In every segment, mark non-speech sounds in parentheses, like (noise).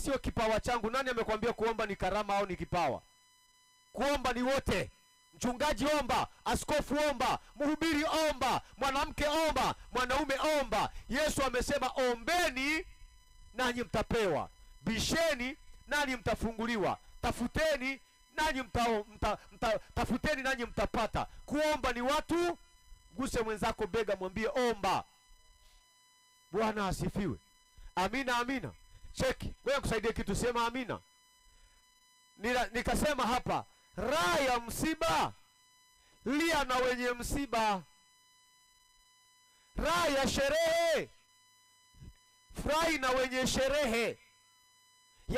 sio kipawa changu. Nani amekwambia kuomba ni karama au ni kipawa? Kuomba ni wote. Mchungaji omba, askofu omba, mhubiri omba, mwanamke omba, mwanaume omba. Yesu amesema ombeni nanyi mtapewa, bisheni nanyi mtafunguliwa, tafuteni nanyi mta, mta, mta, tafuteni nanyi mtapata. Kuomba ni watu. guse mwenzako bega, mwambie omba. Bwana asifiwe. Amina, amina. Cheki, ngoja kusaidia kitu, sema amina. Nila, nikasema hapa raha ya msiba lia na wenye msiba, raha ya sherehe furahi na wenye sherehe. Ya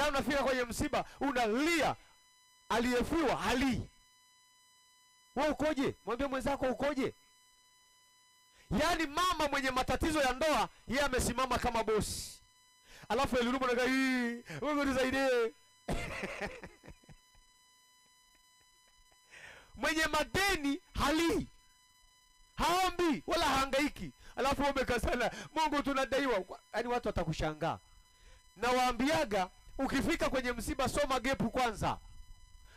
yaani unafika kwenye msiba unalia, aliyefiwa hali wewe ukoje? Mwambie mwenzako ukoje? Yaani mama mwenye matatizo ya ndoa yeye amesimama kama bosi alafu alirudi na kai wewe nisaidie. Mwenye madeni halii, haombi wala hangaiki, alafu ombe sana, Mungu tunadaiwa. Yaani watu watakushangaa. Na waambiaga ukifika kwenye msiba, soma gepu kwanza,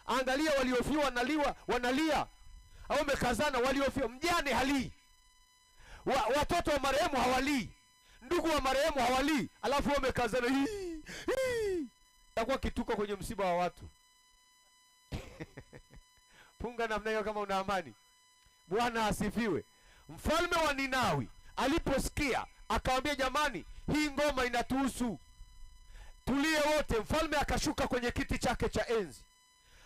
angalia waliofiwa wanaliwa, wanalia aombe kazana, waliofia mjane halii wa, watoto wa marehemu hawalii ndugu wa marehemu hawalii, alafu wamekazana hii hii, takuwa kituko kwenye msiba wa watu punga (laughs) namna hiyo, kama una amani. Bwana asifiwe. Mfalme wa Ninawi aliposikia akawambia, jamani, hii ngoma inatuhusu, tulie wote. Mfalme akashuka kwenye kiti chake cha enzi,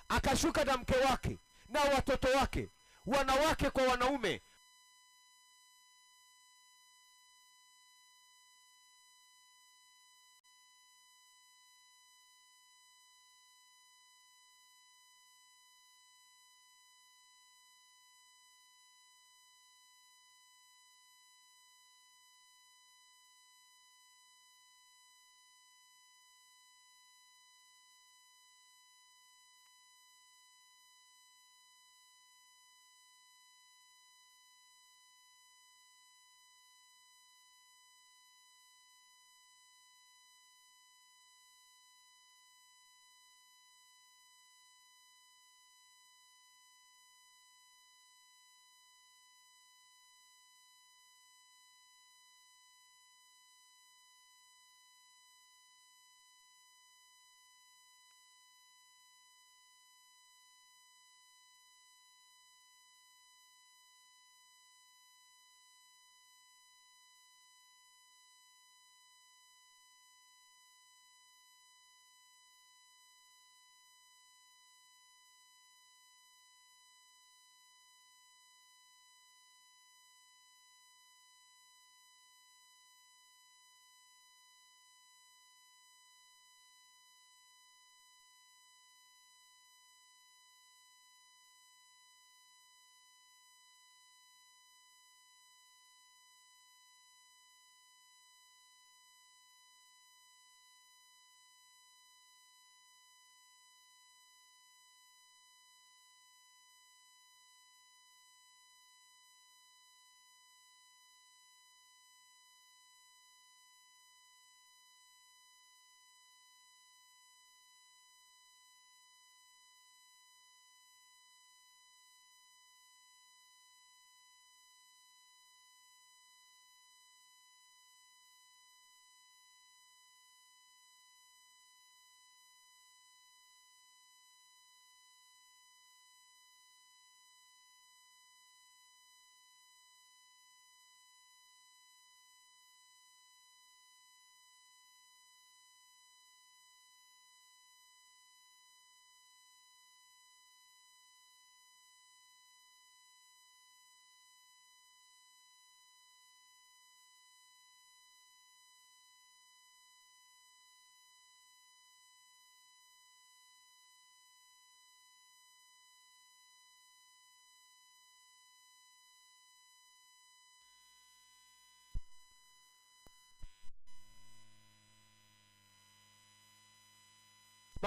akashuka na mke wake na watoto wake, wanawake kwa wanaume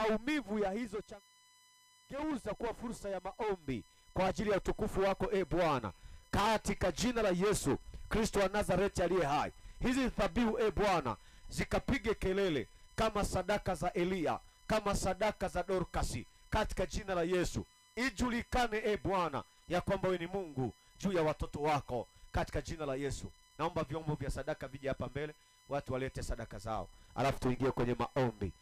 maumivu ya hizo changamoto, geuza kuwa fursa ya maombi kwa ajili ya utukufu wako, e Bwana, katika jina la Yesu Kristo wa Nazareti aliye hai. Hizi dhabihu e Bwana zikapige kelele kama sadaka za Eliya, kama sadaka za Dorkasi, katika jina la Yesu. Ijulikane e Bwana ya kwamba wewe ni Mungu juu ya watoto wako, katika jina la Yesu. Naomba vyombo vya sadaka vije hapa mbele, watu walete sadaka zao, alafu tuingie kwenye maombi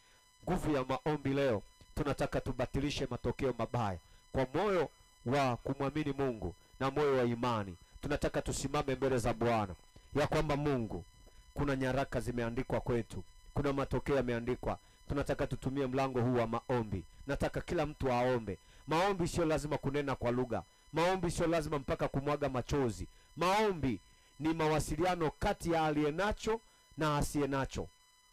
nguvu ya maombi leo tunataka tubatilishe matokeo mabaya kwa moyo wa kumwamini Mungu na moyo wa imani. Tunataka tusimame mbele za Bwana ya kwamba Mungu, kuna nyaraka zimeandikwa kwetu, kuna matokeo yameandikwa. Tunataka tutumie mlango huu wa maombi. Nataka kila mtu aombe. Maombi sio lazima kunena kwa lugha, maombi sio lazima mpaka kumwaga machozi. Maombi ni mawasiliano kati ya aliyenacho na asiyenacho,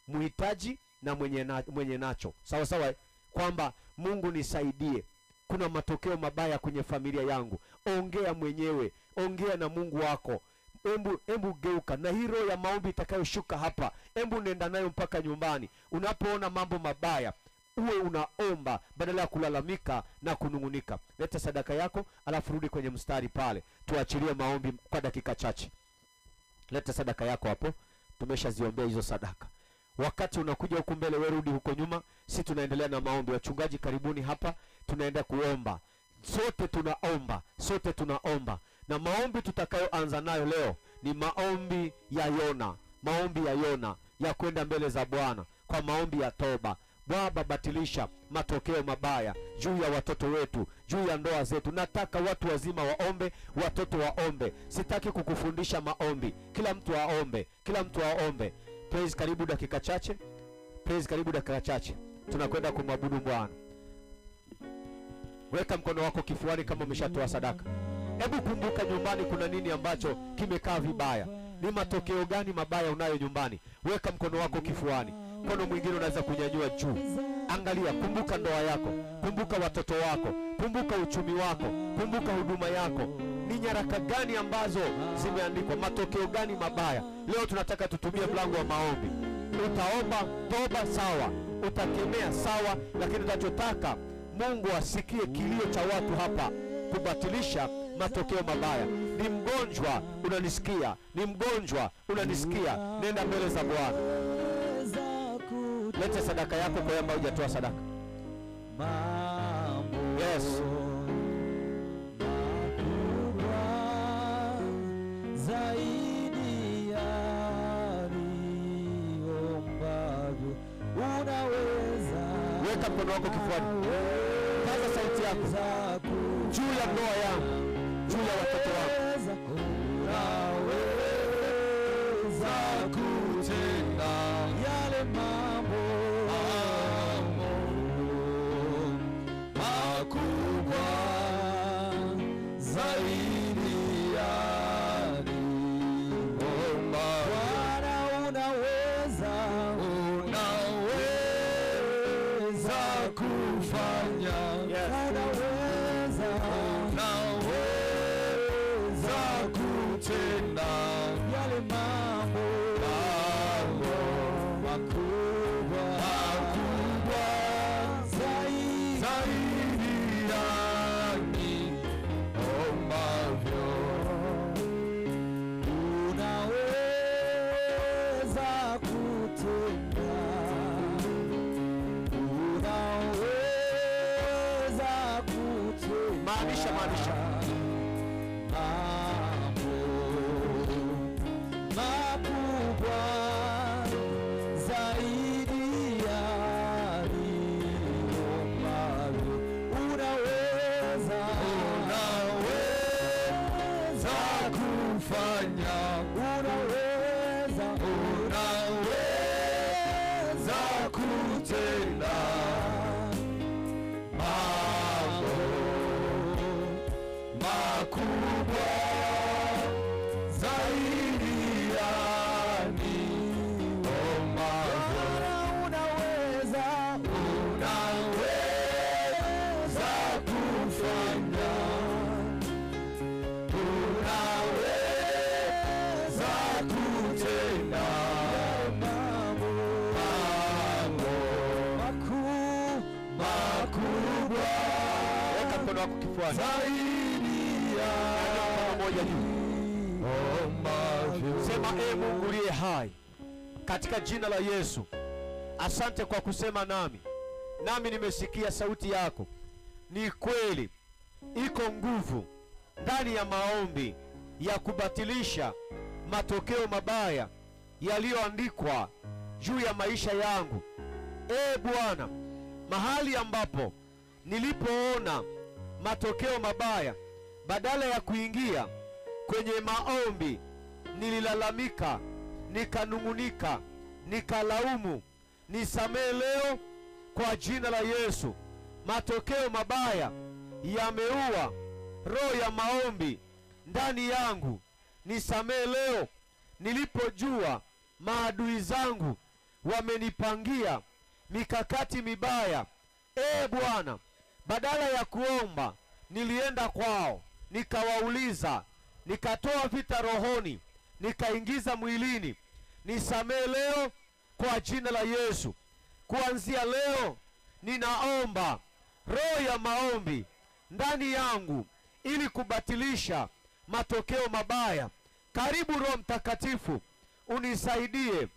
muhitaji na mwenye, na, mwenye nacho sawa sawa, kwamba Mungu nisaidie, kuna matokeo mabaya kwenye familia yangu. Ongea mwenyewe, ongea na Mungu wako. Embu, embu geuka na hii roho ya maombi itakayoshuka hapa, embu nenda nayo mpaka nyumbani. Unapoona mambo mabaya uwe unaomba badala ya kulalamika na kunung'unika. Leta sadaka yako, alafu rudi kwenye mstari pale, tuachilie maombi kwa dakika chache. Leta sadaka yako hapo, tumeshaziombea hizo sadaka wakati unakuja huku mbele, wewe rudi huko nyuma. Si tunaendelea na maombi. Wachungaji karibuni hapa, tunaenda kuomba sote, tunaomba sote, tunaomba na maombi tutakayoanza nayo leo ni maombi ya Yona, maombi ya Yona ya kwenda mbele za Bwana kwa maombi ya toba. Baba, batilisha matokeo mabaya juu ya watoto wetu, juu ya ndoa zetu. Nataka watu wazima waombe, watoto waombe. Sitaki kukufundisha maombi, kila mtu aombe, kila mtu aombe. Praise karibu dakika chache. Praise karibu dakika chache. Tunakwenda kumwabudu Bwana. Weka mkono wako kifuani kama umeshatoa sadaka. Hebu kumbuka nyumbani kuna nini ambacho kimekaa vibaya. Ni matokeo gani mabaya unayo nyumbani? Weka mkono wako kifuani. Mkono mwingine unaweza kunyanyua juu. Angalia, kumbuka ndoa yako, kumbuka watoto wako, kumbuka uchumi wako, kumbuka huduma yako, ni nyaraka gani ambazo zimeandikwa, matokeo gani mabaya. Leo tunataka tutumie mlango wa maombi. Utaomba toba, sawa, utakemea, sawa, lakini tunachotaka Mungu asikie kilio cha watu hapa kubatilisha matokeo mabaya. Ni mgonjwa unanisikia? Ni mgonjwa unanisikia? Nenda mbele za Bwana, lete sadaka yako kwa yamba, hujatoa sadaka. Yes. zaidi ya niombavyo unaweza. Weka mkono wako kifuani, kaza sauti yako juu ya ndoa yangu, juu ya watoto wangu, Manişe manişe. makubwa zaidi Unaweza, unaweza kufanya, unaweza kutenda mambo makubwa. Weka mkono wako kifuani. Baba e ee Mungu uliye hai, katika jina la Yesu, asante kwa kusema nami, nami nimesikia sauti yako. Ni kweli iko nguvu ndani ya maombi ya kubatilisha matokeo mabaya yaliyoandikwa juu ya maisha yangu. E Bwana, mahali ambapo nilipoona matokeo mabaya, badala ya kuingia kwenye maombi nililalamika, nikanung'unika, nikalaumu. Nisamehe leo kwa jina la Yesu. Matokeo mabaya yameua roho ya maombi ndani yangu. Nisamehe leo nilipojua maadui zangu wamenipangia mikakati mibaya. Ee Bwana, badala ya kuomba nilienda kwao, nikawauliza, nikatoa vita rohoni nikaingiza mwilini, nisamehe leo kwa jina la Yesu. Kuanzia leo ninaomba roho ya maombi ndani yangu ili kubatilisha matokeo mabaya. Karibu Roho Mtakatifu, unisaidie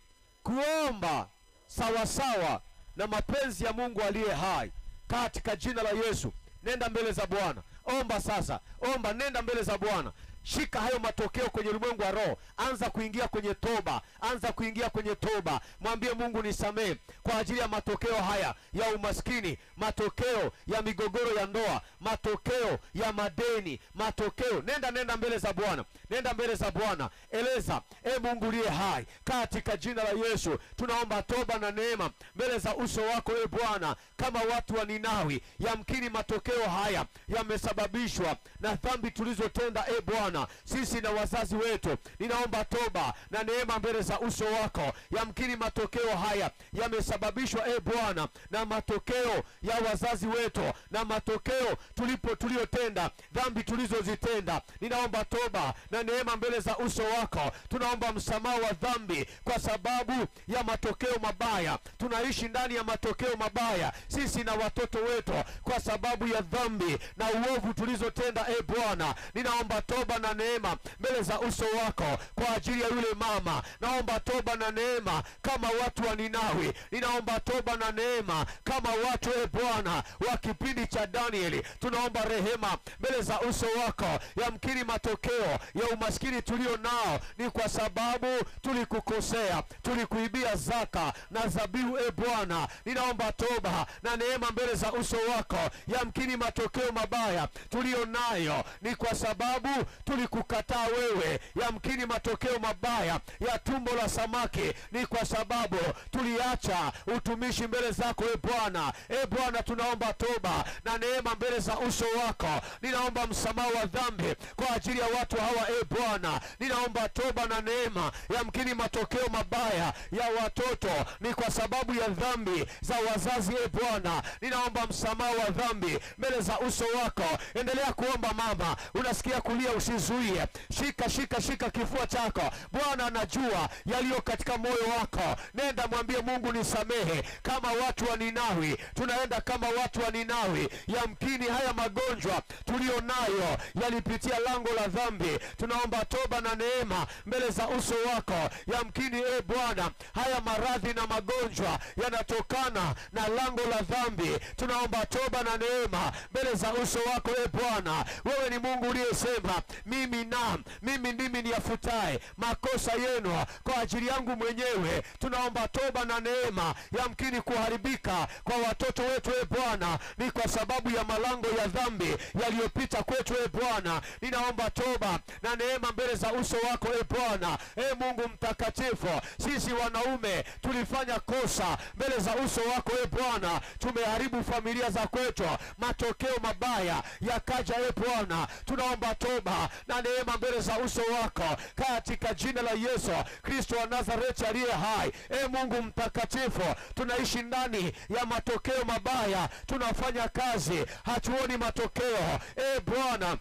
kuomba sawasawa na mapenzi ya Mungu aliye hai, katika jina la Yesu. Nenda mbele za Bwana, omba sasa, omba, nenda mbele za Bwana. Shika hayo matokeo kwenye ulimwengu wa roho, anza kuingia kwenye toba, anza kuingia kwenye toba. Mwambie Mungu, nisamee kwa ajili ya matokeo haya ya umaskini, matokeo ya migogoro ya ndoa, matokeo ya madeni, matokeo. Nenda, nenda mbele za Bwana, nenda mbele za Bwana, eleza e Mungu liye hai, katika jina la Yesu tunaomba toba na neema mbele za uso wako, e Bwana, kama watu wa Ninawi. Yamkini matokeo haya yamesababishwa na dhambi tulizotenda, e Bwana Bwana, sisi na wazazi wetu, ninaomba toba na neema mbele za uso wako. Yamkini matokeo haya yamesababishwa, e Bwana, na matokeo ya wazazi wetu na matokeo tulipo tuliyotenda, dhambi tulizozitenda. Ninaomba toba na neema mbele za uso wako. Tunaomba msamaha wa dhambi kwa sababu ya matokeo mabaya, tunaishi ndani ya matokeo mabaya sisi na watoto wetu, kwa sababu ya dhambi na uovu tulizotenda. E Bwana, ninaomba toba na neema mbele za uso wako kwa ajili ya yule mama. Naomba toba na neema kama watu wa Ninawi, ninaomba toba na neema kama watu, e Bwana wa kipindi cha Danieli, tunaomba rehema mbele za uso wako. Yamkini matokeo ya umaskini tulio nao ni kwa sababu tulikukosea, tulikuibia zaka na zabiu E Bwana, ninaomba toba na neema mbele za uso wako. Yamkini matokeo mabaya tulio nayo ni kwa sababu kulikukataa wewe. Yamkini matokeo mabaya ya tumbo la samaki ni kwa sababu tuliacha utumishi mbele zako, e Bwana. E Bwana, tunaomba toba na neema mbele za uso wako. Ninaomba msamaha wa dhambi kwa ajili ya watu hawa, e Bwana, ninaomba toba na neema. Yamkini matokeo mabaya ya watoto ni kwa sababu ya dhambi za wazazi, e Bwana, ninaomba msamaha wa dhambi mbele za uso wako. Endelea kuomba mama, unasikia kulia usizo usizuie. Shika shika shika kifua chako. Bwana anajua yaliyo katika moyo wako. Nenda mwambie Mungu, nisamehe kama watu wa Ninawi. Tunaenda kama watu wa Ninawi. Yamkini haya magonjwa tuliyo nayo yalipitia lango la dhambi. Tunaomba toba na neema mbele za uso wako. Yamkini e Bwana, haya maradhi na magonjwa yanatokana na lango la dhambi. Tunaomba toba na neema mbele za uso wako e Bwana. Wewe ni Mungu uliyesema mimi nam mimi ndimi niyafutaye makosa yenu kwa ajili yangu mwenyewe. Tunaomba toba na neema. Yamkini kuharibika kwa watoto wetu, e Bwana, ni kwa sababu ya malango ya dhambi yaliyopita kwetu. E Bwana, ninaomba toba na neema mbele za uso wako, e Bwana. E Mungu mtakatifu, sisi wanaume tulifanya kosa mbele za uso wako, e Bwana, tumeharibu familia za kwetu, matokeo mabaya yakaja, e Bwana, tunaomba toba na neema mbele za uso wako katika jina la Yesu Kristo wa Nazareti aliye hai. E Mungu mtakatifu, tunaishi ndani ya matokeo mabaya, tunafanya kazi hatuoni matokeo. E Bwana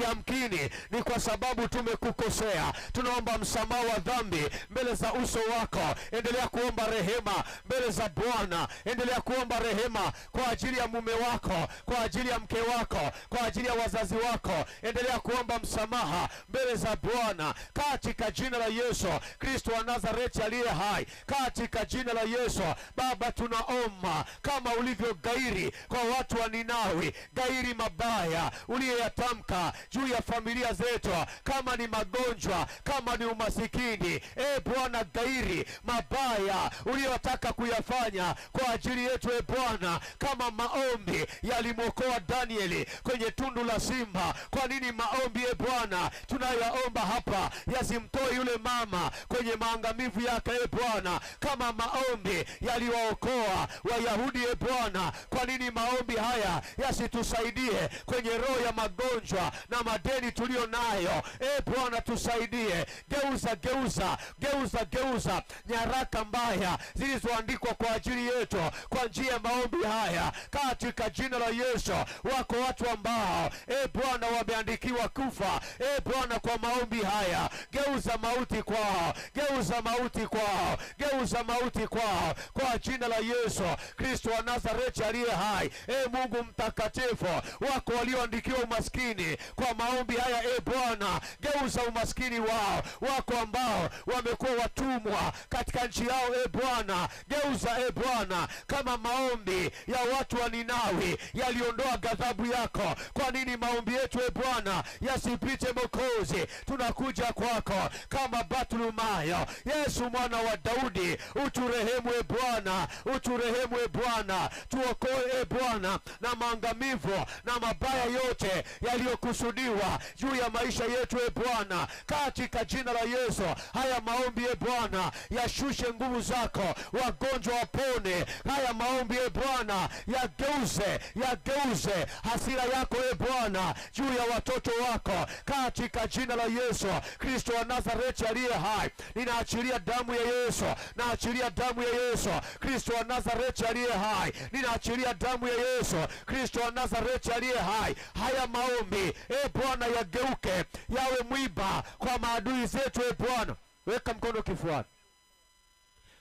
yamkini ni kwa sababu tumekukosea. Tunaomba msamaha wa dhambi mbele za uso wako. Endelea kuomba rehema mbele za Bwana, endelea kuomba rehema kwa ajili ya mume wako, kwa ajili ya mke wako, kwa ajili ya wazazi wako. Endelea kuomba msamaha mbele za Bwana katika jina la Yesu Kristo wa Nazareti aliye hai, katika jina la Yesu. Baba, tunaomba kama ulivyogairi kwa watu wa Ninawi, gairi mabaya uliyoyatamka juu ya familia zetu, kama ni magonjwa, kama ni umasikini. E Bwana, gairi mabaya uliyotaka kuyafanya kwa ajili yetu, e Bwana, kama maombi yalimwokoa Danieli kwenye tundu la simba, kwa nini maombi e Bwana tunayoomba hapa yasimtoe yule mama kwenye maangamivu yake e Bwana, kama maombi yaliwaokoa Wayahudi e Bwana, kwa nini maombi haya yasitusaidie kwenye roho ya magonjwa na madeni tuliyo nayo. E Bwana, tusaidie. Geuza, geuza, geuza, geuza nyaraka mbaya zilizoandikwa kwa ajili yetu kwa njia ya maombi haya, katika jina la Yesu. Wako watu ambao e Bwana wameandikiwa kufa, e Bwana, kwa maombi haya, geuza mauti kwao, geuza mauti kwao, geuza mauti kwao, kwa jina la Yesu Kristo wa Nazareti aliye hai. E Mungu mtakatifu, wako walioandikiwa umaskini kwa maombi haya. E Bwana, geuza umaskini wao, wako ambao wamekuwa watumwa katika nchi yao. E Bwana, geuza e Bwana, kama maombi ya watu wa Ninawi yaliondoa ghadhabu yako, kwa nini maombi yetu e Bwana yasipite? Mokozi, tunakuja kwako kama Batulumayo. Yesu mwana wa Daudi, uturehemu e Bwana, uturehemu e Bwana, tuokoe e Bwana na maangamivu na mabaya yote yaliyokusu kusudiwa juu ya maisha yetu, e Bwana, katika jina la Yesu. Haya maombi e Bwana yashushe nguvu zako, wagonjwa wapone. Haya maombi e Bwana yageuze, yageuze hasira yako e Bwana juu ya watoto wako, katika jina la Yesu Kristo wa Nazareti aliye hai. Ninaachilia damu ya Yesu, naachilia damu ya Yesu Kristo wa Nazareti aliye hai. Ninaachilia damu ya Yesu Kristo wa Nazareti aliye hai. Haya maombi e Bwana, yageuke yawe mwiba kwa maadui zetu. E Bwana, weka mkono kifuani,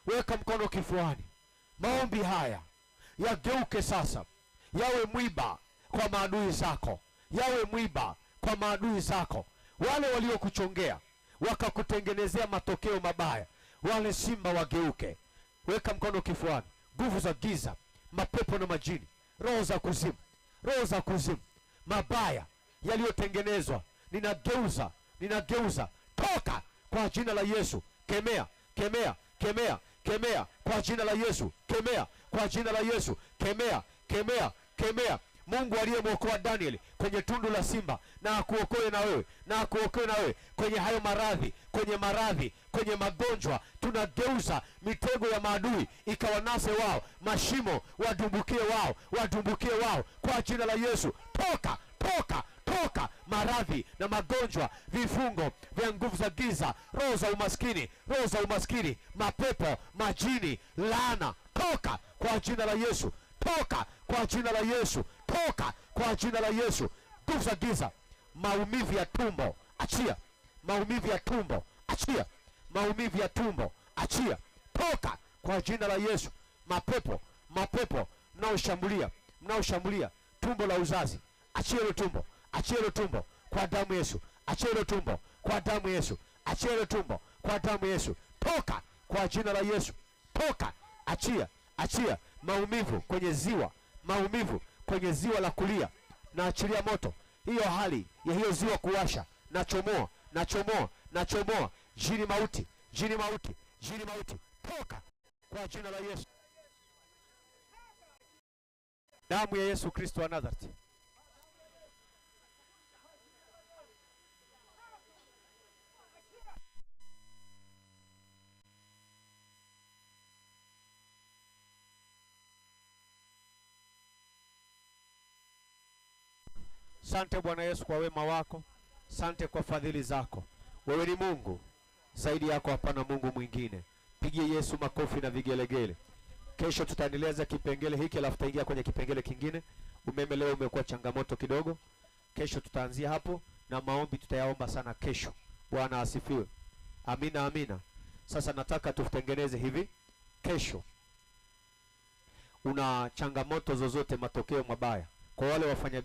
weka mkono kifuani. Maombi haya yageuke sasa, yawe mwiba kwa maadui zako, yawe mwiba kwa maadui zako, wale waliokuchongea wakakutengenezea matokeo mabaya, wale simba wageuke. Weka mkono kifuani. Nguvu za giza, mapepo na majini, roho za kuzimu, roho za kuzimu mabaya yaliyotengenezwa, ninageuza, ninageuza, toka kwa jina la Yesu. Kemea, kemea, kemea, kemea kwa jina la Yesu, kemea kwa jina la Yesu, kemea, kemea, kemea. Mungu aliyemwokoa Danieli kwenye tundu la simba na akuokoe na wewe, na akuokoe na wewe kwenye hayo maradhi, kwenye maradhi, kwenye magonjwa. Tunageuza mitego ya maadui ikawanase wao, mashimo wadumbukie wao, wadumbukie wao kwa jina la Yesu. Toka, toka kutoka maradhi na magonjwa, vifungo vya nguvu za giza, roho za umaskini, roho za umaskini, mapepo, majini, laana, toka kwa jina la Yesu, toka kwa jina la Yesu, toka kwa jina la Yesu. Nguvu za giza, maumivu ya tumbo, achia. Maumivu ya tumbo, achia. Maumivu ya tumbo, achia, toka kwa jina la Yesu. Mapepo, mapepo mnaoshambulia, mnaoshambulia tumbo la uzazi, achia hilo tumbo achia hilo tumbo kwa damu Yesu, achia hilo tumbo kwa damu Yesu, achia hilo tumbo kwa damu Yesu, toka kwa jina la Yesu, toka, achia, achia maumivu kwenye ziwa, maumivu kwenye ziwa la kulia, na achilia moto hiyo hali ya hiyo ziwa kuwasha, na chomoa, na chomoa, na chomoa, jini mauti, jini mauti, jini mauti, toka kwa jina la Yesu, damu ya Yesu Kristo wa Nazareti. Sante Bwana Yesu kwa wema wako, sante kwa fadhili zako. Wewe ni Mungu, zaidi yako hapana Mungu mwingine. Pigie Yesu makofi na vigelegele. Kesho tutaendeleza kipengele hiki, alafu tutaingia kwenye kipengele kingine. Umeme leo umekuwa changamoto kidogo, kesho tutaanzia hapo na maombi tutayaomba sana kesho. Bwana asifiwe. Amina, amina. Sasa nataka tutengeneze hivi, kesho una changamoto zozote, matokeo mabaya kwa wale wafanya